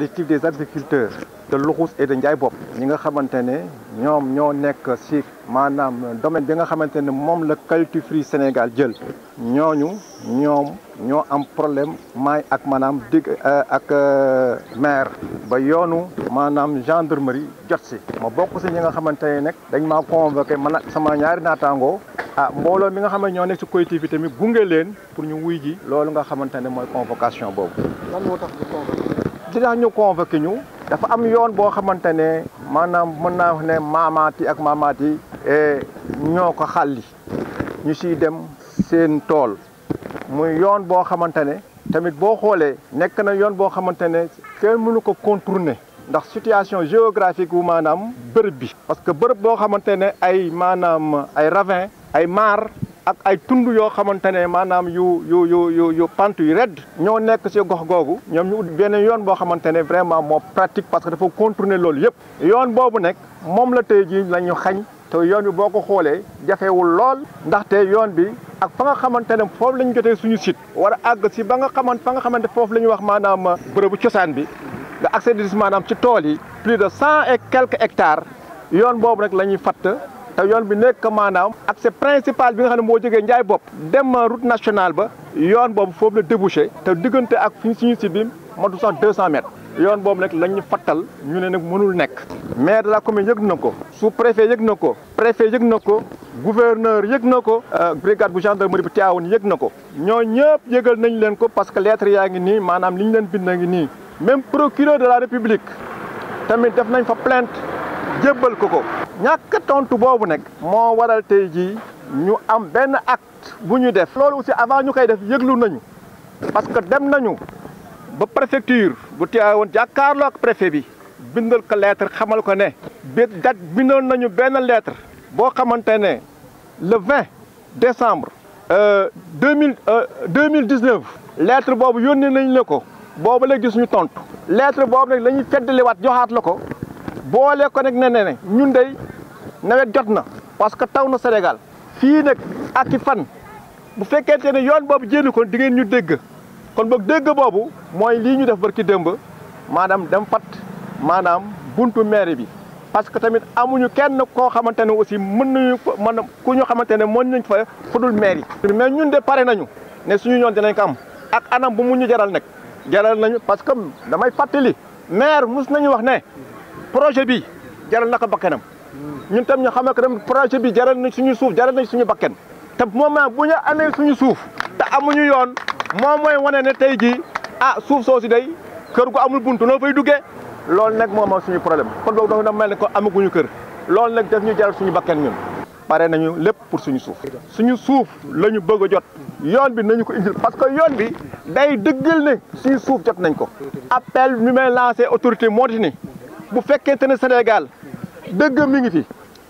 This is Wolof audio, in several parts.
collectif des agriculteurs de Loxus et de Ndiaye Bopp ñi nga xamante ne ñoom ñoo nekk ci maanaam domaine bi nga xamante ne moom la Qualité Free Sénégal jël ñooñu ñoom ñoo am problème maay ak maanaam digg euh, ak euh, maire ba yoonu maanaam gendarmerie jot si ma bokk ci ñi nga xamante ne nag dañ maa convoqué man ak sama ñaari naataangoo a ah, mbooloo mi nga xam ne ñoo nekk ci collectif bi tamit gunge leen pour ñu wuy ji loolu nga xamante ne mooy convocation boobu. dinaa ñu convoqué ñu dafa am yoon boo xamante ne maanaam mën naa wax ne maamaati ak maamaati eh, ñoo ko xalli ñu siy dem seen tool muy yoon boo xamante ne tamit boo xoolee nekk na yoon boo xamante ne kenn mënu ko contourner ndax situation géographique wu maanaam bërëb bi parce que bërëb boo xamante ne ay maanaam ay ravin ay maar ak ay tund yoo xamante ne maanaam yu yu yu yu yu pant yu redd ñoo nekk si gox googu ñoom ñu ut benn yoon boo xamante ne vraiment moom pratique parce que dafa contourner loolu yëpp yoon boobu nag moom la tey jii la ñu xañ te yoon bi boo ko xoolee jafewul lool ndaxte yoon bi ak fa nga xamante ne foofu la ñu jotee suñu site war a àgg si ba nga xamante fa nga xamante foofu la ñuy wax maanaam bërëbu cosaan bi nga accès maanaam ci tool yi plus de cent et quelques hectares yoon boobu nag la ñuy fatt te yoon bi nekk maanaam accès principal bi nga xam ne moo jógee Ndiaye bopp dem route nationale ba yoon boobu foofu la débouché te diggante ak fi suñu si bi matu sax deux cent mètres yoon boobu nag lañ ñu fattal ñu ne nag mënul nekk maire de la commune yëg na ko sous préfet yëg na ko préfet yëg na ko gouverneur yëg na ko euh, brigade bu gendarmerie bu Tivaouane yëg na ko ñoo ñëpp yëgal nañ leen ko parce que lettre yaa ngi nii maanaam li ñu leen bind ngi nii même procureur de la république tamit def nañ fa plainte jébbal ko ko ñàkk tontu boobu nag moo waral tey jii ñu am benn acte bu ñuy def. loolu aussi avant ñu koy def yëglu nañu parce que dem nañu ba préfecture bu Tivaouane jàkkaarloo ak préfet bi bindal ko leetre xamal ko ne. bi dat bindoon nañu benn leetre boo xamante ne le 20 décembre. Euh, deux mille euh, deux mille dix neuf. lettre boobu yónnee nañ la ko. boobu la gis ñu tontu. lettre boobu nag la ñuy feddaliwaat joxaat la ko. boole ko nag ne ne ñun dey nawet jot na parce que taw na Sénégal fii nag ak i fan bu fekkente ne yoon boobu jénn ko di ñu dégg kon boog dégg boobu mooy lii ñu def barki démb maanaam dem fat maanaam buntu mairie bi parce que tamit amuñu kenn koo xamante ne aussi mën nañu mën ku ñu xamante ne mën nañ fa fudul mairie mais ñun de pare nañu ne suñu yoon dinañ ko ak anam bu mu ñu jaral nag jaral nañu parce que damay fàttali maire mus nañu wax ne projet bi jaral na ko ñun tam ñu xamal que dem projet bi jaral nañ suñu suuf jaral nañ suñu bakken te moment bu ñu amee suñu suuf te amuñu yoon moom mooy wane ne tey jii ah suuf soosu day kër gu amul buntu noo fay duggee loolu nag moom mooy suñu problème kon boobu dafa mel ne ko amaguñu kër loolu nag daf ñu jaral suñu bakken ñun. pare nañu lépp pour suñu suuf suñu suuf la ñu bëgg a jot yoon bi nañu ko indil parce que yoon bi day dëggal ne suñu suuf jot nañ ko. appel mi may lancé autorité moo di ni bu fekkente ne Sénégal. dëgg mi ngi fi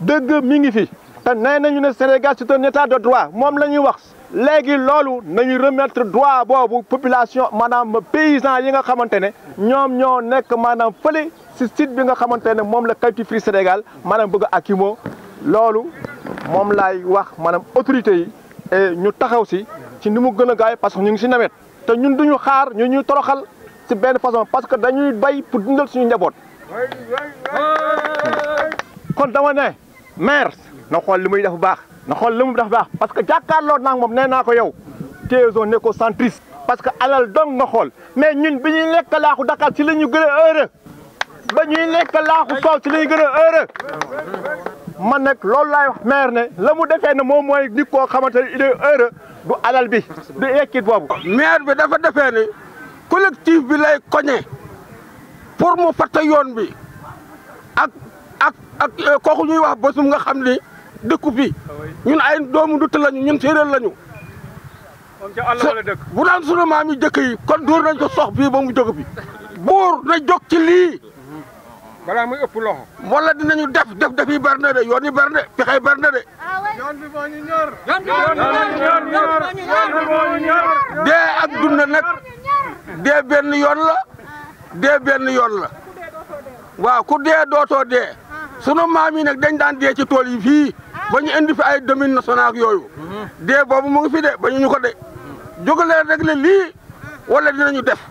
dëgg mi ngi fi te nee ñu ne Sénégal c'est un état de droit moom la ñuy wax léegi loolu nañu remettre droit boobu population maanaam paysan yi nga xamante ne ñoom ñoo nekk maanaam fële si site bi nga xamante ne moom la Qualité Free Sénégal maanaam bëgg ak imo loolu moom laay wax maanaam autorité yi et ñu taxaw si ci ni mu gën a gaay parce que ñu ngi si nawet te ñu duñu xaar ñu ñuy toroxal si benn façon parce que dañuy bay pour dundal suñu njaboot kon dama ne maire na xool li muy def baax na xool li mu def baax parce que jàkkaarloo naa moom nee naa ko yow téeson écocentriste parce que alal dong na xool mais ñun bi ñuy lekk laaxu Dakar ci la ñu gën a heureux ba ñuy lekk laaxu kaw ci la gën a heureux man nag loolu laay maire ne la mu defee ne moom mooy nit koo xamante ne il est heureux du alal bi du ekkit boobu maire bi dafa defee ne collectif bi lay koñe pour mu fàtte yoon bi ak euh, kooku ñuy wax bosum nga xam ni dëkku fi ñun ay doomu dutt lañu ñun séeréer lañu. bu daan sunu maam yi jëkk yi kon duur nañ ko sox fii ba mu jóg fi buur na jóg ci lii. balaa muy ëpp loxo. wala dinañu def def def yi bari de yoon i bari na pexe yi bari na de. yoon bi moo yoon bi moo dee ak dund nag dee benn yoon la dee benn yoon la waaw ku dee dootoo dee. sunu maam yi nag dañ daan dee ci tool yi fii ba ñu indi fi ay domaine national yooyu mhm. dee boobu mu ngi fi de ba ñu ñu ko de jógalee rek le lii wala dinañu def